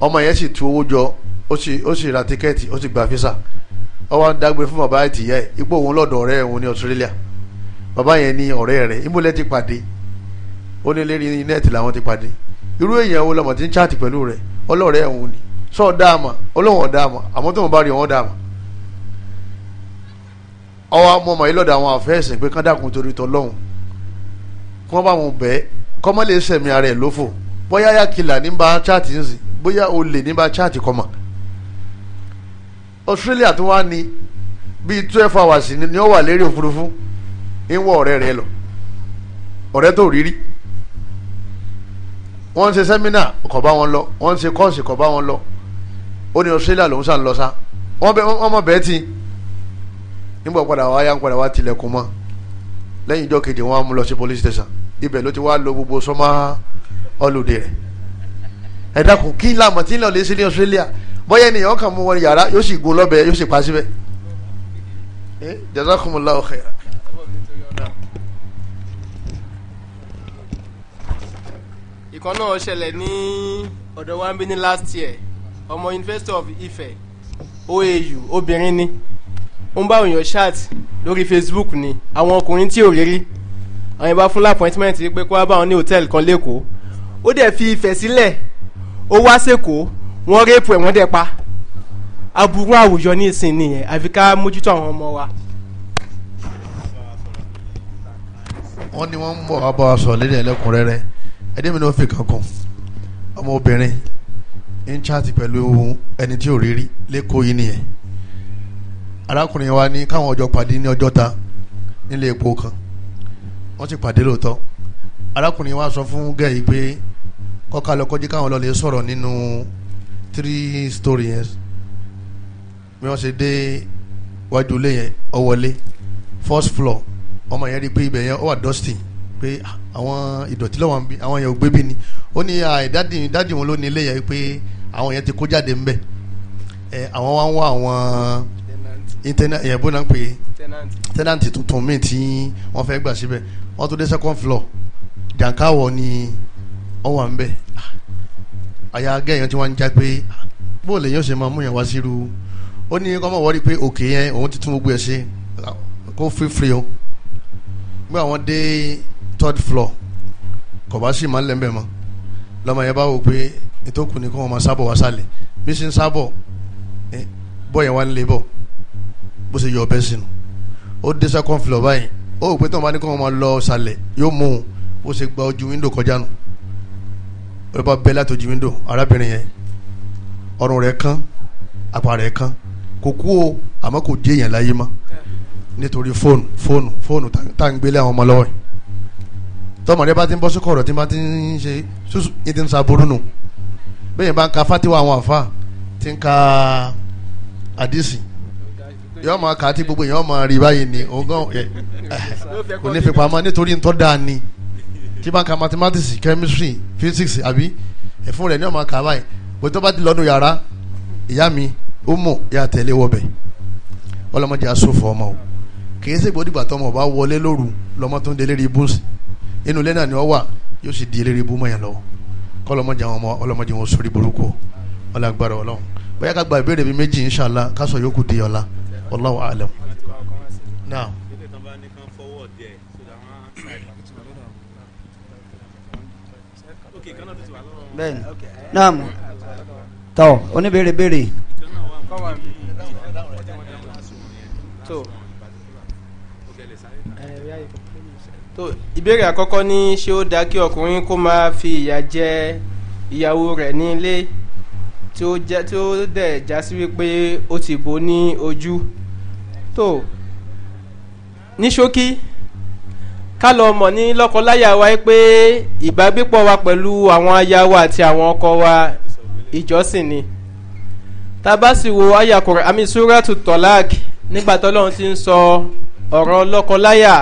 ọmọ yẹn sì tu owó jọ ó sì ó sì ra tíkẹ́ẹ̀tì ó sì gba físà ó dágbé fún bàbá ìtìyà ẹ̀ ipò òun lọ́dọ̀ ọ̀rẹ́ òun ní Australia bàbá yẹn ní ọ̀rẹ́ rẹ̀ ìmúlẹ̀ ti pàdé ó ní lérí nẹ́ẹ̀tì làwọn ti pàdé irú èèyàn wo lọmọ tí ń chaàtì pẹ̀lú rẹ̀ ọlọ́ọ̀rẹ́ òun ni sọ ọ̀dààmà ọlọ́wọ̀n ọ̀dààmà àmọ́ tó ń bá rí wọn ọ̀dààmà ọwọ́ àwọn ọmọ yìí lọ́dọ̀ àwọn àfẹ́sìn pé kán dàkún torí tọlọ́hún kí wọ́n bá wọn bẹ́ẹ̀ kọ́mọ́lé sẹ̀mí ara ẹ̀ lófò bóyá kìlà ní bá chaàtì ń sìn bóyá o lè ní bá chaati kọ́ mọ̀ Australia tó wá ní bíi twelve hours ni ó wà lérí òfurufú ń wọ ọ̀rẹ́ rẹ lọ ọ̀rẹ́ tó rírí wọ́n ń ṣe sẹ́mínà kọ̀ bá wọn lọ wọ́n ń ṣe kọ́ọ̀sì kọ̀ bá wọn lọ ó ní Australia lòún sàn lọ sá wọ́n bẹ wọ́n mọ̀ bẹ́ẹ̀ tì nígbà padà wá yá ń padà wá tilẹ̀kùn mọ́ lẹ́yìn ìjọ́ kejì wọ́n á mú lọ sí police station ibẹ̀ ló ti wá lọ gbogbo sọ́mọ́ ọlùdí rẹ̀ ẹ dákun kí làmọ̀ tí ń lọ lè ṣe ní Australia bóyá ènìyàn kàn mú wọn yàrá yóò sì gun lọ́bẹ̀ yóò sì pa síbẹ̀ ẹ jazakumullahu ìkan náà ṣẹlẹ̀ ní ọ̀dọ̀ wa ń bí ní last year ọmọ University of Ife OAU obìnrin ni ó ń bá òyìnbó chat lórí Facebook ni àwọn ọkùnrin tí ò rírí àwọn ìbá fún appointment pé kó wá bá wọn ní hòtẹ́ẹ̀lì kan lẹ́kọ̀ọ́ ó dẹ̀ fi Ifẹ̀ sílẹ̀ ó wá sẹ́kọ̀ọ́ wọ́n rẹ́pù ẹ̀ wọ́n dẹ̀ pa aburú àwùjọ ní ìsìn nìyẹn àfi ká mójútó àwọn ọmọ wa. wọ́n ní wọ́n ń bọ̀ wá bá wa sọ lédè ẹlẹ́kùnrẹ́rẹ́ ẹdí mi ni wọ́n fi kankan ọmọ ń chaati pẹ̀lú ẹni tí ò rí rí lẹ́kọ̀ọ́ yìí nìyẹn arákùnrin wa ní káwọn ọjọ́ pàdé ní ọjọ́ ta nílé epo kan wọ́n ti pàdé lóòótọ́ arákùnrin wa sọ fún gẹ̀ẹ́ yìí pé kọ́ka lọ kọjú káwọn lọ́ọ́ lè sọ̀rọ̀ nínú three stories. yẹn bí wọ́n ṣe dé wájú ilé yẹn ó first floor ọmọ yẹn rí i pé ibẹ̀ yẹn ó wà dusty pé ah, àwọn ìdọ̀tí lọ́wọ́ àwọn yẹn ò gbé bí ni ó ní dádì ah, dádì wọn ló ní ilé yẹn pé àwọn yẹn ti kó jáde ńbẹ̀ ẹ àwọn wá ń wá àwọn internet yẹn bó náà pé tenant tuntun míì tí wọ́n fẹ́ gbà síbẹ̀ wọ́n tún dé second floor jàǹkáwọ̀ ni ọwà ń bẹ àyà agẹ́ yẹn tí wọ́n ń já pé bó lè yẹn ṣe máa mú yẹn wá síru ó ní kọ́mọ̀ wọ́rí pé òkè yẹn òun ti tún gbogbo ẹ̀ ṣe kó fífri o gbé àwọn dé third floor kò bá sì máa ń lẹ́ńbẹ̀ mọ́ lọ́mọ yẹn bá wò pé ìtòkù ni kó wọn máa sábọ̀ wá sálẹ̀ bí sì ń sábọ̀ bọ́ yẹn wá ń lé bọ̀ bó ṣe yọ ọbẹ̀ sínú ó dé second floor báyìí ó wò pé tóun bá ní kó wọn máa lọ sálẹ̀ yóò mú un bó ṣe gba ojú window kọjá nù. No ó bá bẹ́ẹ̀ látòjú windo arábìnrin yẹn ọrùn rẹ̀ kán apá rẹ̀ kán kò kú o àmọ́ kò dé èèyàn láyé mọ́ nítorí fóònù fóònù fóònù tá à ń gbélé àwọn ọmọ lọ́wọ́ yìí tọmọ rẹ bá ti ń bọ́ sókò ọ̀rọ̀ tí bá ti ń ṣe ṣùṣù ní ti ń saburú nù bẹ́ẹ̀ bá ń ka fatiwa àwọn àfa ti ń ka àdìsí yọọ máa kà á tí gbogbo yẹn ọmọ rí báyìí ni òun gan kò ní fipamọ́ nítorí ntọ́ dáa ni tí bá ka mathematics chemistry physics àbí ẹ̀fún rẹ̀ ní ọmọ kà báyìí bó tó bá ti lọ́nu yàrá ìyá mi ó mọ̀ yà tẹ̀lé wọbẹ̀ ọlọ́mọdé asòfò ọmọ o kì í ṣe gbọ́dọ̀ ìgbà tọmọ bá wọlé lóru lọ́mọ tó ń de lérí ibú sí inú ilé náà ni ọ wà yóò sì di lérí ibú mọ̀yàn lọ kọ́ ọlọ́mọdé àwọn ọmọ ọlọ́mọdé wọn sórí burúkú ọlọ́gbàrá ọlọ́run bóyá ká gba ìbéèrè bíi méjì inṣàlá ká sọ di ọ̀la wallahu a'lam. Naam. bẹ́ẹ̀ni naam tọ oníbèrè bèrè. tó ìbéèrè àkọ́kọ́ ní ṣé ó dáa kí ọkùnrin kó máa fi ìyà jẹ ìyàwó rẹ̀ ní ilé tí ó jẹ́ tí ó dẹ̀ já sí wípé ó ti bò ní ojú tó ní ṣókí ká lọ mọ̀ ní lọ́kọláyà wa pé ìbágbépọ̀ wa pẹ̀lú àwọn aya wa àti àwọn ọkọ wa ìjọsìn ni tabasiwo ayakura àmì suratu tolak nígbà tọ́lọ́run ti ń sọ ọ̀rọ̀ lọ́kọláyà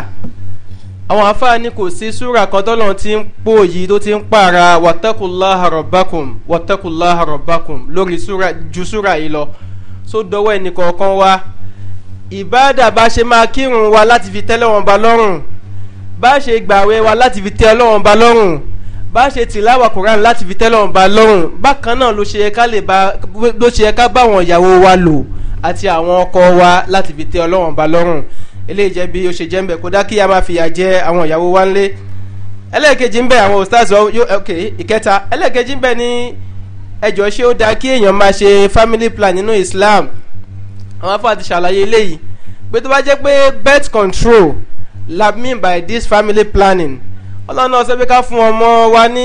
àwọn afáàní kò sí súra kan tọ́lọ́run ti ń pò yìí tó ti ń pààrà wàtẹ́kùlá àrọ̀bákùn wàtẹ́kùlá àrọ̀bákùn lórí ju sura yìí lọ só dọwọ́ ẹnì kọ̀ọ̀kan wa ìbáàdà bá ṣe máa kírun wa láti fi tẹ́lẹ̀ wọn ba lọ́rùn bá ṣe gbàwé wa láti fi tẹ ọlọ́run ba lọ́rùn bá ṣe tìláwà koran láti fi tẹ ọlọ́run ba lọ́rùn bákan náà ló ṣe yẹ ká lè ba ló ṣe yẹ ká bá àwọn ìyàwó wa lò àti àwọn ọkọ wa láti fi tẹ ọlọ́run ba lọ́rùn eléyìí jẹ́ bí ó ṣe jẹ́ ń bẹ̀ kódà kí a máa fìyà jẹ àwọn ìyàwó wa ńlé ẹlẹ́ẹ̀kejì ń bẹ àwọn ustaz ok ìkẹta ẹlẹ́ẹ̀kejì ń bẹ ní ẹjọ́ ṣé ó dáa kí èèyàn máa ṣe family plan nínú Islam àwọn afọ àti ṣàlàyé eléyìí pé tó bá jẹ́ pé birth control la mean by this family planning ọlọ́run náà sọ pé ká fún ọmọ wa ní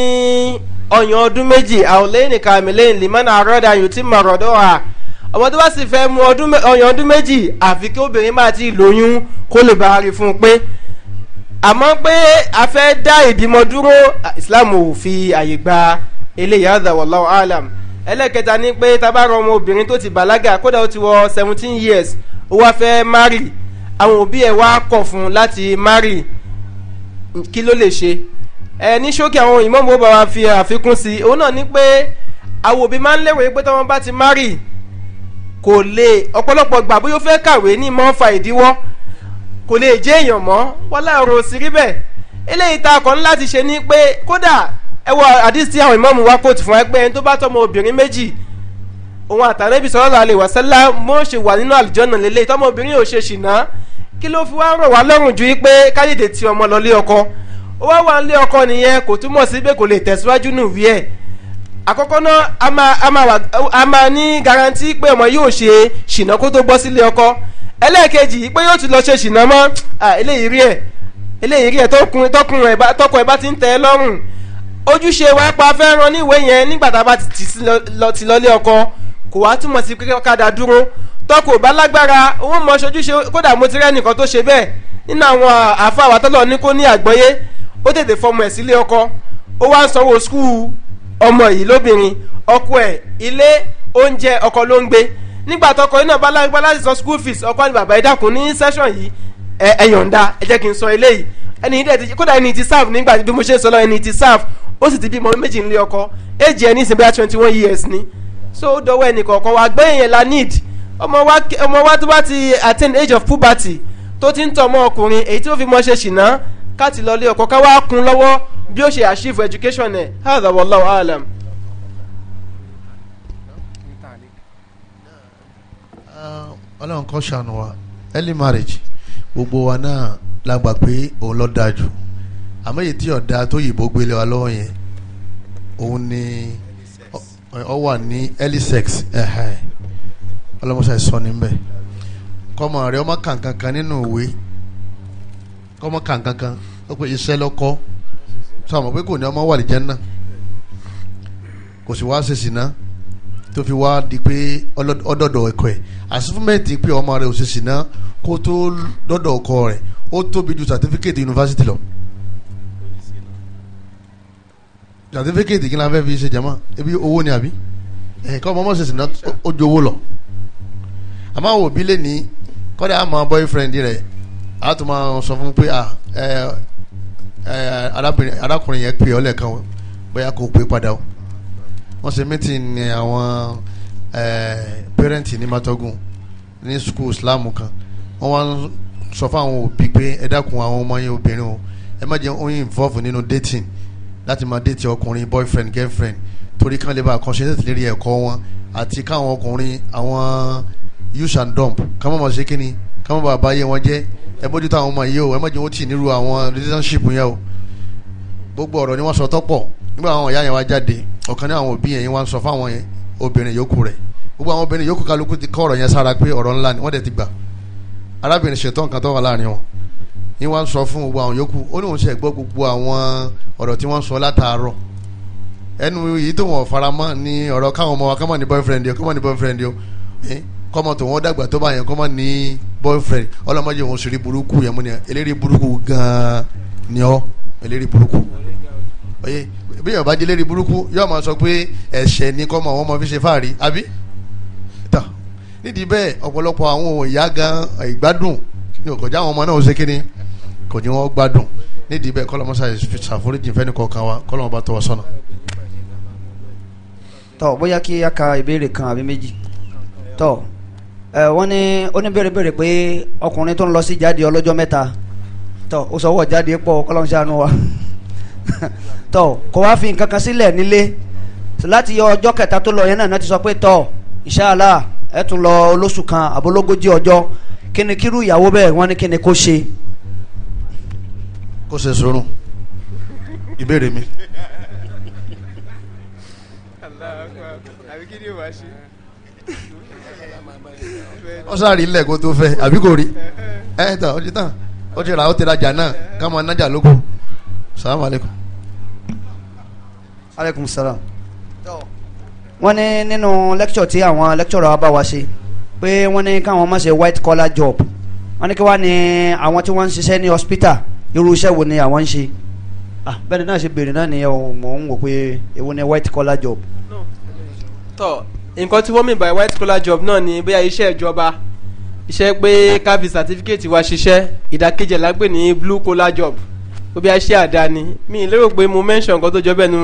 ọyàn ọdún méjì àwòlẹ́yìn kàmílẹ́yìn lèmọ́nà àrọ́dà yòó tí mà rọ̀dọ̀ wà ọmọ tó bá sì fẹ́ mu ọyàn ọdún méjì àfi kí obìnrin máa ti lóyún kó lè bá a rí fún un pé àmọ́ pé a fẹ́ dá ìbímọ dúró Islam ò fi àyè gba eléyìí hadha wallahu alam ẹlẹ́kẹta ni pé tá a bá rọ ọmọ obìnrin tó ti bàlágà kódà ó ti wọ seventeen years ó wá fẹ́ marry àwọn òbí ẹ̀ wá kọ̀ fún un láti mari kí ló lè ṣe ẹ ní ṣókè àwọn ìmáàmù ó bá wa fi àfikún sí i òun náà ní pé àwọn òbí máa ń léwèé pé tọ́wọ́n bá ti mari kò lè ọ̀pọ̀lọpọ̀ gbà bóyá ó fẹ́ kàwé ní mọ́ fa ìdíwọ́ kò lè jẹ́ èèyàn mọ́ wọ́n láàrọ̀ sí rí bẹ́ẹ̀ eléyìí tá a kọ́ ní láti ṣe ni pé kódà ẹ wọ àdìsí tí àwọn ìmáàmù wa kóòtù fún ẹgbẹ́ ẹni tó bá tọmọ obìnrin méjì òun àtàrẹ́bí sallallahu alaihi wasallam mọ́ ṣe wà nínú àlùjọ́nà lélẹ́yìí tọmọ obìnrin ò ṣe ṣìnà kí ló fi wá rọ̀ wá lọ́rùn ju pé káyọ̀dé ti ọmọ lọ lé ọkọ ó wá wà lé ọkọ nìyẹn kò túmọ̀ sí pé kò lè tẹ̀síwájú nù wí ẹ̀ àkọ́kọ́ náà a máa ní garanti pé ọmọ yóò ṣe ṣìnà kó tó gbọ́ sílé ọkọ ẹlẹ́ẹ̀kejì pé yóò tún lọ ṣe ṣìnà mọ́ eléyìí rí ẹ̀ eléyìí rí ẹ̀ tọkùn ẹ̀ bá ti ń tẹ́ ẹ lọ́rùn ojúṣe wa pa fẹ́ràn níwèé yẹn nígbà tá a bá ti lọ lé ọkọ kò wá túmọ̀ sí pé ká dúró tọkọ bá lágbára òun mọ sojúṣe kódà mo ti nìkan tó ṣe nínú àwọn àáfàá wa ní kó ní ó tètè fọmọ sílé ọkọ ó wá ń sanwó ọmọ yìí lóbìnrin ọkọ ilé oúnjẹ nígbà tọkọ iná bá lágbá láti ọkọ bàbá ní yìí ẹ yọ̀ǹda ẹ jẹ́ kí n sọ eléyìí ẹni ti kódà ẹni ti serve nígbà bí mo ṣe sọ ẹni ti serve ó ni ọmọ wa ọmọ wa tó bá ti attain age of puberty tó ti ń tọ ọmọ ọkùnrin èyí tí ó fi mọ ṣe ṣìnà káàtì lọlé ọkọ ká wá kún lọ́wọ́ bí ó ṣe achieve education ẹ̀ hadha wallahu alam. ọlọ́run kọ́ ṣàánú wa early marriage gbogbo wa náà la gbà pé òun ló dáa jù àmọ́ èyí tí ọ̀dà tó yìnbó gbélé wa lọ́wọ́ yẹn òun ni ọ wà ní early sex. Uh -huh ọlọ́mọṣà sọ ní bẹ́ẹ̀ kọ́mọ rẹ ọmọ kankankan nínú ìwé kọ́mọ kankankan ó pe iṣẹ́ lọ́kọ́ sọ àmọ́ pé kò ní ọmọ wà lè jẹ́nà kò sì wá ṣe sìnà tó fi wá di pé ọdọ̀dọ̀ ẹ̀kọ́ ẹ̀ àsìfúnmẹ́ǹtì pé ọmọ rẹ ò ṣe sìnà kó tó dọ́dọ̀ ọkọ rẹ̀ ó tóbi ju sàtífíkètì yunifásitì lọ sàtífíkètì kí ni a fẹ́ fi ṣe jama ebi owó ni àbí ẹ̀ka ọmọ ọmọ ṣèṣìn náà ó ju owó lọ àmọ́ àwọn òbí lè ní kọ́dà àmọ́ boyfriend rẹ̀ a tún máa sọ fún pé arákùnrin yẹn pè ọ́ lẹ́ẹ̀kan bóyá kò pé padà o wọ́n ṣe meeting ní àwọn parent ní Matogun ní school Islam kan wọ́n wá sọ fún àwọn òbí pé ẹ dákun àwọn ọmọ yẹn obìnrin o ẹ má jẹ́ oyin involve nínú dating láti máa date ọkùnrin boyfriend girlfriend torí kán lè bá àkànṣe tètè lérí ẹ̀kọ́ wọn àti káwọn ọkùnrin àwọn use and dump kàmá máa ṣe kínní kàmá bàa bá yé wọn jẹ ẹ bójú táwọn ọmọ yìí o ẹ má jẹ́ wọ́n tì nírú àwọn relationship yẹn o gbogbo ọ̀rọ̀ ni wọ́n sọ tọ́pọ̀ nígbà àwọn ìyá yẹn wá jáde ọ̀kan ní àwọn òbí yẹn wá ń sọ fáwọn obìnrin yòókù rẹ̀ gbogbo àwọn obìnrin yòókù kálukú ti kọ́ ọ̀rọ̀ yẹn sára pé ọ̀rọ̀ ńlá ni wọ́n dẹ̀ ti gbà arábìnrin ṣètò nǹkan tó wà láàrin wọn ni wọ́n sọ fún gbogbo àwọn yòókù ó ní òun ṣe gbọ́ gbogbo àwọn ọ̀rọ̀ tí wọ́n sọ látàárọ̀ ẹnu yìí tó wọ́n fara mọ́ ni ọ̀rọ̀ káwọn ọmọ wa kámọ́ ní boyfriend o kámọ́ ní boyfriend o kọ́mọ tó wọn dàgbà tó bá yẹn kọ́mọ ní boyfriend ọlọ́mọdé wọn sori burúkú yẹn mú ni eléré burúkú gan-an ni ọ́ eléré burúkú oye bí yóò bá di eléré burúkú yóò máa sọ pé ẹ̀ṣẹ̀ ni kọ́mọ àwọn ọmọ fi ṣe fáàrí àbí tà nídìí bẹ́ẹ̀ ọ̀pọ̀lọpọ̀ àwọn ìyá gan ìgbádùn ní òkòjá àwọn ọmọ náà ó ṣe kíni kò ní wọ́n gbádùn nídìí bẹ́ẹ̀ wa kọ́lọ́mọ bá tọ́ wa sọ́nà tọ bóyá kí a ka ìbéèrè kan àbí méjì tọ ẹ wọ́n ní oníbẹ̀rẹ̀bẹ̀rẹ̀ pé ọkùnrin tó ń lọ sí jáde ọlọ́jọ́ mẹ́ta tọ ó sọ wọ́ jáde pọ̀ kọ́lọ́n ṣàánú wa tọ kò wá fi nǹkan kan sílẹ̀ nílé láti ọjọ́ kẹta tó lọ yẹn náà ti sọ pé tọ ìṣáàlà ẹ tún lọ olóṣù kan àbólógójì ọjọ́ kí ni kírú ìyàwó bẹ́ẹ̀ wọ́n ní kí ni kó ṣe. kó ṣe sùúrù ìbéèrè mi ó sáré ilẹ̀ kó tó fẹ́ àbí kò rí eh, eh. ẹ tán ó ti tán ó ti rà ó ti rajà náà ká máa nájà lóko salamu aleykum. aleykum salaam. wọ́n ní nínú lecture tí àwọn lecturer bá wa ṣe pé wọ́n ní káwọn má ṣe white collar job wọ́n ní kí wá ní àwọn tí wọ́n ń ṣiṣẹ́ ní hospital irú iṣẹ́ wo ni àwọn ń ṣe ah, bẹ́ẹ̀ ni náà ṣe béèrè náà nìyẹn o mò ń wò pé èwo ni white collar job. tọ́ nǹkan tí wọ́n mì by white collar job náà ni bóyá iṣẹ́ ìjọba iṣẹ́ pé ká fi certificate wa ṣiṣẹ́ ìdàkejì la pè ní blue collar job ó bí a ṣe àdáni mi lérò pé mo mention nǹkan tó jọ bẹ́ẹ̀ nu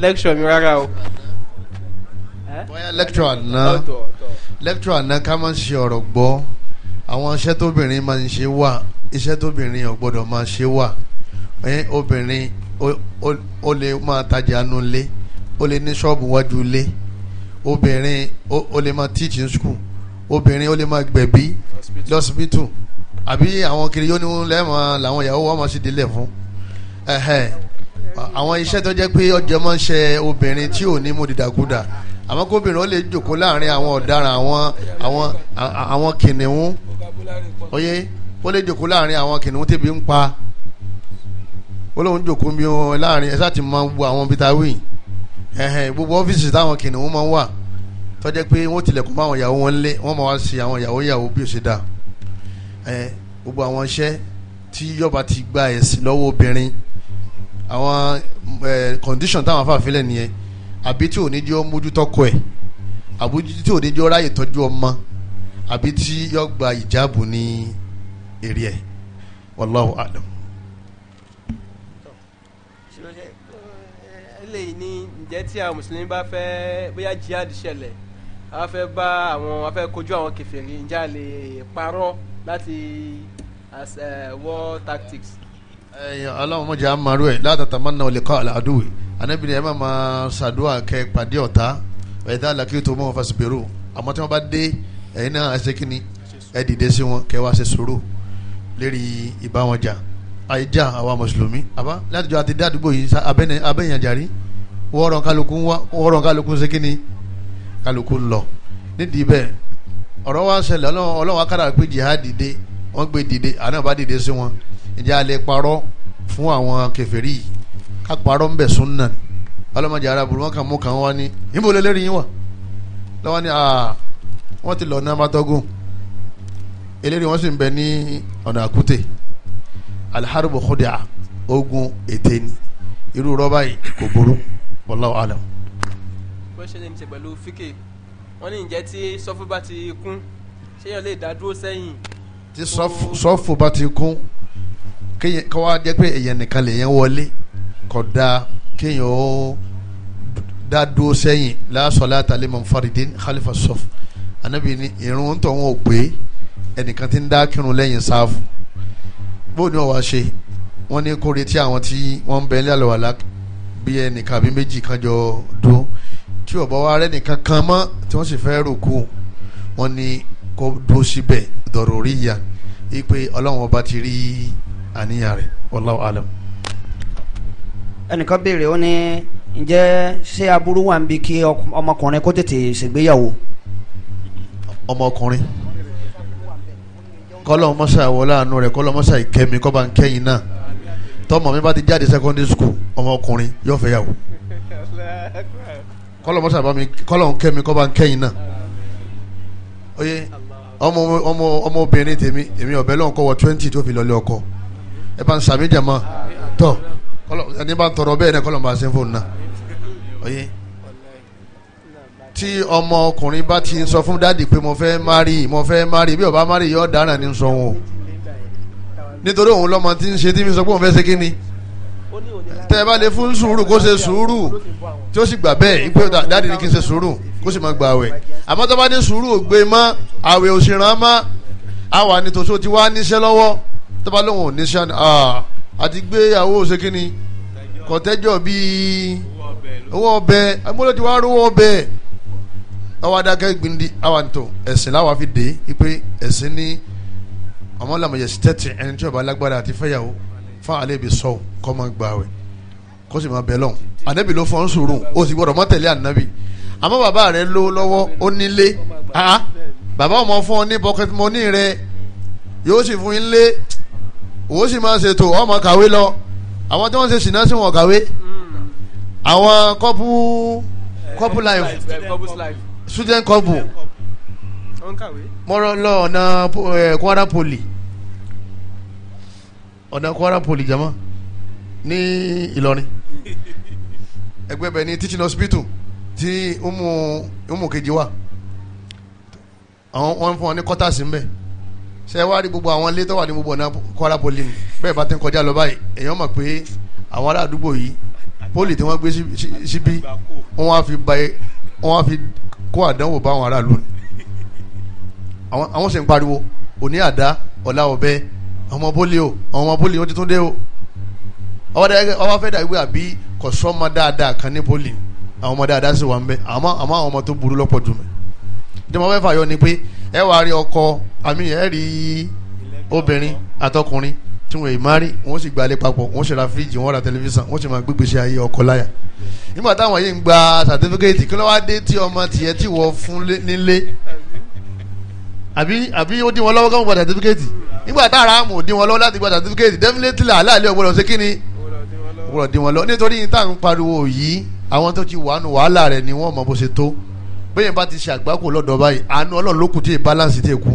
lecture mi rárá o. bóyá lecture àná lecture àná ká máa ń ṣe ọ̀rọ̀ gbọ́ àwọn iṣẹ́ tóbìnrin máa ń ṣe wà iṣẹ́ tóbìnrin ò gbọ́dọ̀ máa ṣe wà obìnrin ó lè máa tajà nulẹ̀ ó lè ní ṣọ́ọ̀bù wájú ilé obìnrin ó lè máa teach in school obìnrin ó lè máa gbẹ̀bí lọ́sibítù àbí àwọn kiri yóò ní lẹ́ẹ̀mọ́ làwọn ìyàwó wa máa ṣe délẹ̀ fún àwọn iṣẹ́ tó jẹ́ pé ọjọ́ máa ń ṣe obìnrin tí ò ní mú dìdàkudà àmọ́ kóbìnrin ó lè jòkó láàrin àwọn ọ̀daràn àwọn àwọn àwọn kìnìún oyè ó lè jòkó láàrin àwọn kìnìún tèbi ń pa ó lóun jòkó mi láàrin ẹ sá ti máa ń wo àwọn bitawin gbogbo ọ́fíìsì táwọn kìnìún máa ń wà tó jẹ́ pé wọ́n tilẹ̀kùn bá àwọn ìyàwó wọn lé wọ́n máa wá sí àwọn ìyàwó ìyàwó bí ó ṣe dà gbogbo àwọn iṣẹ́ tí yọba ti gba ẹ̀sìn lọ́wọ́ obìnrin àwọn condition táwọn afáfilẹ̀ nìyẹn àbí tí ò ní jẹ́ mójútọ́kọ ẹ̀ àbí tí ò ní jẹ́ ráyè tọ́jú ọmọ àbí tí yọ gba ìjáàbù ní èrè ẹ̀ wallahu alam. lè ní ǹjẹ́ tí àwọn mùsùlùmí bá fẹ́ bóyá jihad ṣẹlẹ̀ a fẹ́ bá àwọn a fẹ́ kojú àwọn kèfèrí ǹjẹ́ a lè parọ́ láti eh, war tactics. Eh, ọlọ́run mọ̀jẹ̀ á máa rú ẹ̀ látàtà máa ná olè kọ́ àdúwì anábìrin ẹ̀ máa máa ṣàdúrà kẹ́ pàdé ọ̀tá ẹ̀dá àlàkí tó mọ́ fásitì bẹ̀rù àmọ́ tí wọ́n bá dé ẹ̀yin náà ẹsẹ̀ kínní ẹ̀ dìde sí wọn kẹ́ wá ṣe sùúrù lérí ìbáwọn jà àìjà àwa mùsùlùmí àbá látijọ́ àti dá àdúgbò yìí abẹ́yànjarí wọ́ọ̀rọ̀ kálukú wọ́ọ̀rọ̀ kálukú ṣe kíni kálukú lọ nídìí bẹ́ẹ̀ ọ̀rọ̀ wa ṣẹlẹ̀ ọlọ́wọ́ akára pé jihad dìde wọ́n gbé dìde àná bá dìde sí wọn ìjà alẹ́ parọ́ fún àwọn kèfèrí ká parọ́ ń bẹ̀ súnà ọlọ́mọdé arábùrú wọn kàn mú kàn wá ní níbo lélẹ́rì yín wà lọ́wọ́ ni wọ́n ti lọ ní abatọ́gùn eléyìí wọ́n sì ń bẹ ní ọ̀nà àkútè alhárùbù kọ́dà ogun ètè ni irú rọ́bà yìí kò burú wallahu alam. question ní ti pẹ̀lú fíkè wọ́n ní ǹjẹ́ tí sọ́fù bá ti kún ṣé yẹn lè dá dúró sẹ́yìn. tí sọ́fù bá ti kún kó wá jẹ́ pé èèyàn nìkan lè yẹn wọlé kò dáa kéèyàn ó dá sẹ́yìn la salata liman faridin khalifa sọ́fù anabi ni irun tó wọn ò pé ẹnìkan ti ń dá kírun lẹ́yìn sáfù bó ni wọ́n wá ṣe wọ́n ní kórè tí àwọn tí wọ́n ń bẹ ní àlùwàlá bí ẹnìkan àbí méjì kan jọ dún tí ọ̀bọ̀ wa rẹ̀ nìkan kan mọ́ tí wọ́n sì fẹ́ rògbò wọn ni kó dúró síbẹ̀ dọ̀rọ̀ rí ya ipe ọlọ́run ọba ti rí àníyàn rẹ̀ wallahu alam. ẹnìkan béèrè ó ní ǹjẹ́ ṣé aburú wà ń bi kí ọmọkùnrin kó tètè ṣègbéyàwó. ọmọkùnrin kọ́lọ́ mọ́sá ìwọlá àánú rẹ̀ kọ́lọ́ mọ́sá ìkẹ́mi kọ́ bá ń kẹ́yìn náà tọ́mọ mi bá ti jáde secondary school ọmọkùnrin yóò fẹ́ yàwó kọ́lọ̀ mọ́sá mi kọ́lọ̀ kẹ́mi kọ́ kẹ́yìn náà oye ọmọ ọmọ ọmọbìnrin tèmi èmi ọ̀bẹ lọ́n kọ́ wọ twenty tó fi lọ́lé ọkọ ẹ bá ń sàmì jàmọ́ tọ́ kọ́lọ̀ ẹni bá ń tọrọ bẹ́ẹ̀ náà kọ́lọ̀ bá ṣe fóònù náà oye tí ọmọkùnrin bá ti sọ fún dáàdì pé mo fẹ́ mari mo fẹ́ mari bí ó bá mari yóò dáràn ní sọ wọn o nítorí òun lọ́mọ tí ń ṣe tí mi sọ pé òun fẹ́ ṣe kí ni tẹ́ ẹ bá lè fún sùúrù kó ṣe sùúrù tí ó sì gbà bẹ́ẹ̀ ipe dáàdì ni kí n ṣe sùúrù kó sì máa gba àwẹ̀ àmọ́ tó bá ní sùúrù ò gbé mọ́ àwẹ̀ ò sì ràn mọ́ àwa ni tòṣó ti wá níṣẹ́ lọ́wọ́ tó bá lóun ò níṣẹ́ àti gbéyàwó ṣe kí ni kọ̀tẹ́jọ́ bíi owó ọbẹ̀ amúlò ti wá rówó ọbẹ̀ àwa adákẹ́ gbindi àwa nìtò ẹ̀sìn láwa fi dé ipe ẹ̀sìn ní ọmọlàmọ̀yẹsì tẹ́tì ẹni tí ó bá lágbára àti fẹ́yàwó fún àlẹ́ ibi sọ́ọ̀ kọ́ máa gbà wẹ̀ kó sì máa bẹ lọ́hùn ànábì ló fọ́n sùúrù o sì gbọ́dọ̀ mọ́ tẹ̀lé ànábì àmọ́ bàbá rẹ ló lọ́wọ́ ó nílé bàbá ọmọ fún ọ ní pocket money rẹ yóò sì fún yín lé òun sì máa ṣètò ọmọ kàwé lọ àwọn tí wọ́n ṣe ṣìnà sí wọn kàwé àwọn kọ́pù kọ́pù life student kọ́pù mọ́rọ́ lọ ọ̀nà eh, Kwara poli ọ̀nà Kwara poli jama ní Ìlọrin ẹgbẹ́ bẹ̀ ni teaching hospital Ti umu umu kejì wa àwọn wọn fún wọn ní kọ́tà sí mbẹ́ ṣe wá rí gbogbo àwọn ilé tó wà ní gbogbo ọ̀nà Kwara poli ni bẹ́ẹ̀ bá ti ń kọjá lọ báyìí èèyàn mọ̀ pé àwọn ará àdúgbò yìí poli tí wọ́n gbé síbí wọ́n á fi ba wọ́n á fi kó àdánwò bá àwọn aráàlú ni àwọn sì ń pariwo òní àdá ọ̀la ọ̀bẹ ọmọ poli o ọmọ poli o ti tún dé o ọwọ́ fẹ́ dàgbé àbí kò sọ́mọ dáadáa kan ní poli àwọn ọmọ dáadáa sì wà ń bẹ àmọ́ àmọ́ àwọn ọmọ tó burú lọ́pọ̀ jù mí ìjọba fẹ́ fàyọ ni pé ẹ wàá rí ọkọ àmì ẹ rí obìnrin àtọkùnrin tí wọn èèmá rí wọn sì gbalẹ̀ papọ̀ wọn sì ra fíríjì wọn ra tẹlifíṣàn wọn sì máa gbégbé sí ayé ọkọ láyà nígbà táwọn yìí ń gba sàtífíkẹ́tì kí ló wá dé tí ọmọ tiẹ̀ tí wọ́n fún nílé àbí àbí ó dín wọn lọ́wọ́ káwọn gba sàtífíkẹ́tì nígbà táwọn aráàmù dín wọn lọ́wọ́ láti gba sàtífíkẹ́tì definitely àlàálẹ̀ ọgbọ́dọ̀ ṣe kí ni gbọ́dọ̀ dín wọn lọ nítorí yìí tá à ń pariwo yìí àwọn tó ti wà nù wàhálà rẹ̀ ni wọ́n mọ̀ bó ṣe tó bẹ́ẹ̀ bá ti ṣe àgbákò lọ́dọ̀ báyìí àánú ọlọ́run ló kù tí balance ti kú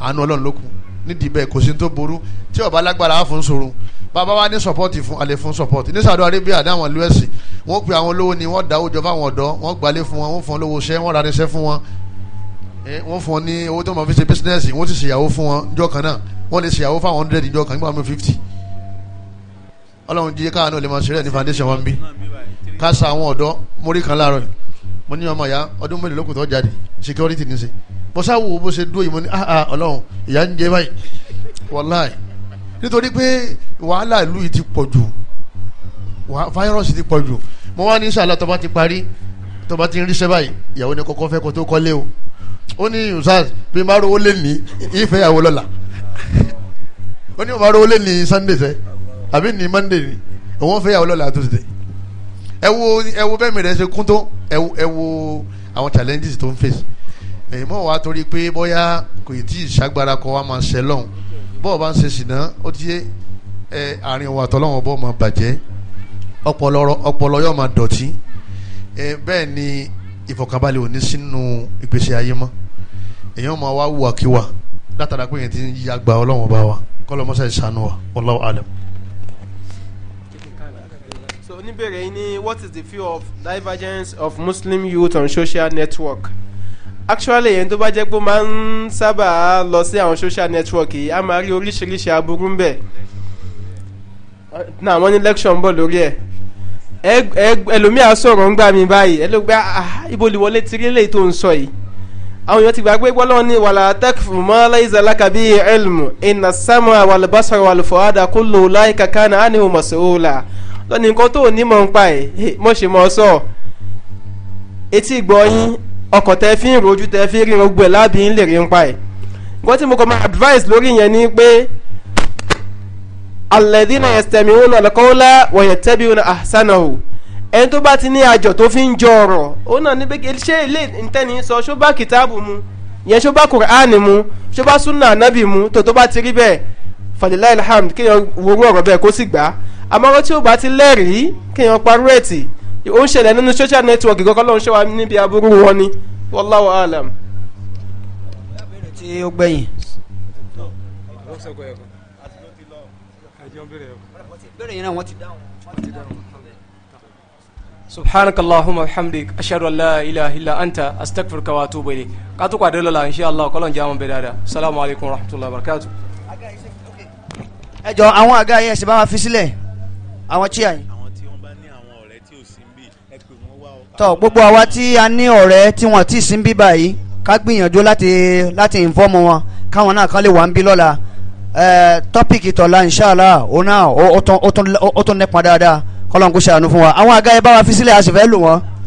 àánú ọlọ́run ló kù nídìí bẹ́ẹ̀ kò sí tó burú tí ọba alágbára á fún sòrò bàbá wa ní sọpọ́ọ̀tì fún alẹ́ fún sọpọ́ọ̀tì ní Saudi Arabia àdáwọn ìlú ẹ̀sìn wọ́n pe àwọn olówó ni wọ́n dá òjò fáwọn ọ̀dọ́ wọ́n gbalẹ̀ fún wọn wọ́n fún olówó iṣẹ́ wọ́n rárẹ̀ iṣẹ́ fún wọn wọ́n fún wọn ní owó tó máa fi ṣe bísínẹ́sì wọ́n ti ṣèyàwó fún wọn jọ́ kan náà wọ́n lè ṣèyàwó fáwọn hundred jọ́ kan nígbà wọn fifty ọlọ́run jíjẹ káwọn náà lè máa ṣeré ní foundation wa ń bí ká sa àwọn ọ̀dọ́ mórí kan láàárọ̀ yìí mo ní ọmọ ìyá ọdún mélòó lókùtọ̀ jáde security ní ṣe mo sáwò bó ṣe dúró yìí mo ní ah, ah ọlọ́run ìyá ń jẹ báyìí wàláì nítorí pé wàhálà ìlú yìí ti pọ̀ jù fáírọ́ọ̀sì ti pọ̀ jù mo wá ní sàlá tó bá ti parí tó bá ti ń ríṣẹ́ báyìí ìyàwó ni kọ́kọ́ fẹ́ kó tó kọ́lé o ó ní usas bí márùn ó lé ní ìfẹ́ ìyàwó lọ́la ó ní márùn ó lé ní sunday sẹ́ àbí ní monday ni òun fẹ́ yàwó lọ́la tó ti dé ẹ wo ẹ wo bẹ́ẹ̀ mi rẹ̀ ṣe kún tó ẹ wo àwọn challenges tó ń face èyí mọ̀ wá torí pé bóyá kò tí ì ṣàgbára kọ́ wa máa ṣẹ lọ́hùn bọ́ọ̀ bá ń ṣe ṣìnà ó ti yé ẹ àárín òun àtọ́lọ́wọ́n bọ́ọ̀ máa bàjẹ́ ọpọlọ yóò máa dọ̀tí ẹ bẹ́ẹ̀ ni ìfọ̀kànbalẹ̀ ò sínú ìgbésí ayé mọ́ èyàn máa wá wùwàkiwà látara pé èyàn ti ń yàgbà ọlọ́wọ́n bá wa kọ́lọ́mọ́sá ìṣàánú wa wallahu alam. oníbèrè yìí ni, what is the view of divergence of Muslim youth on social network actually ẹni tó bá jẹ́ pé máa social network a máa rí oríṣiríṣi aburú ń bẹ̀ náà wọ́n ní lecture ń bọ̀ lórí ẹ̀ ẹlòmíà sọ̀rọ̀ ń gbà mí báyìí ẹlòmíà ah, ibo lè wọlé tirí tó ń sọ yìí àwọn èèyàn ti gbà pé gbọ́dọ̀ ní wàlá tẹ́kfù mọ́ lákàbí ánìhùn lónìí nǹkan tó ní mọ̀ ń pa ẹ̀ eh, mo ṣe mọ̀ sọ etí ìgbọ́ yín ọkọ̀ tẹ fi ń rojú tẹ fi rin gbogbo ẹ̀ lábì ń lè rí pa ẹ̀ nǹkan tí mo kọ́ máa advice lórí yẹn ni pé alẹ́dínà ẹ̀sítẹ̀míwọ́n ọ̀lọ́kọ́wọ́lá wọ̀nyẹ̀ tẹ́bí wọn àṣánàwò ẹni tó bá ti ní àjọ tó fi ń jọ ọ̀rọ̀ òun náà ní pé ṣé ilé ìtẹ́ni sọ ṣó bá kìtáàbù mu yẹn ṣó bá kùránì mu ṣó bá súnà ànábì mu tó tó bá ti rí bẹ́ẹ̀ fàlíláì alhamd kéèyàn wo orú ọ̀rọ̀ bẹ́ẹ̀ kó sì gbà á àmọ́ràn tí ó bá ti lẹ́rìí kí èèyàn parú ẹ̀ tì ó ń ṣẹlẹ̀ nínú social network ìkọ́kọ́ ló ń ṣe wa níbi aburú wọn ni wallahu alam. tí ó gbẹ̀yìn. subhanaka allahumma hamdik ashhadu an la ilaha illa anta astaghfiruka wa atubu ilayk ka to kwade lola insha allah kolon jamu be dada assalamu alaikum warahmatullahi wabarakatuh ẹ jọ̀ọ́ àwọn àga yẹn ṣe bá wa fi sílẹ̀ àwọn chia yìí. àwọn tí wọ́n bá ní àwọn ọ̀rẹ́ tí ò sí ń bì ẹ pè wọ́n wá ọkọ. tọ gbogbo àwa tí a ní ọ̀rẹ́ tí wọ́n ti sí ń bì báyìí ká gbìyànjú láti láti inform wọn káwọn náà kán lè wà ń bí lọ́la tọ́pìkì tọ̀la inṣàlá òun náà ó tún nípa dáadáa kọ́lọ́n kó ṣàánú fún wa àwọn àga ẹ bá wa fi sílẹ̀ a sì fẹ́ lù wọ́n.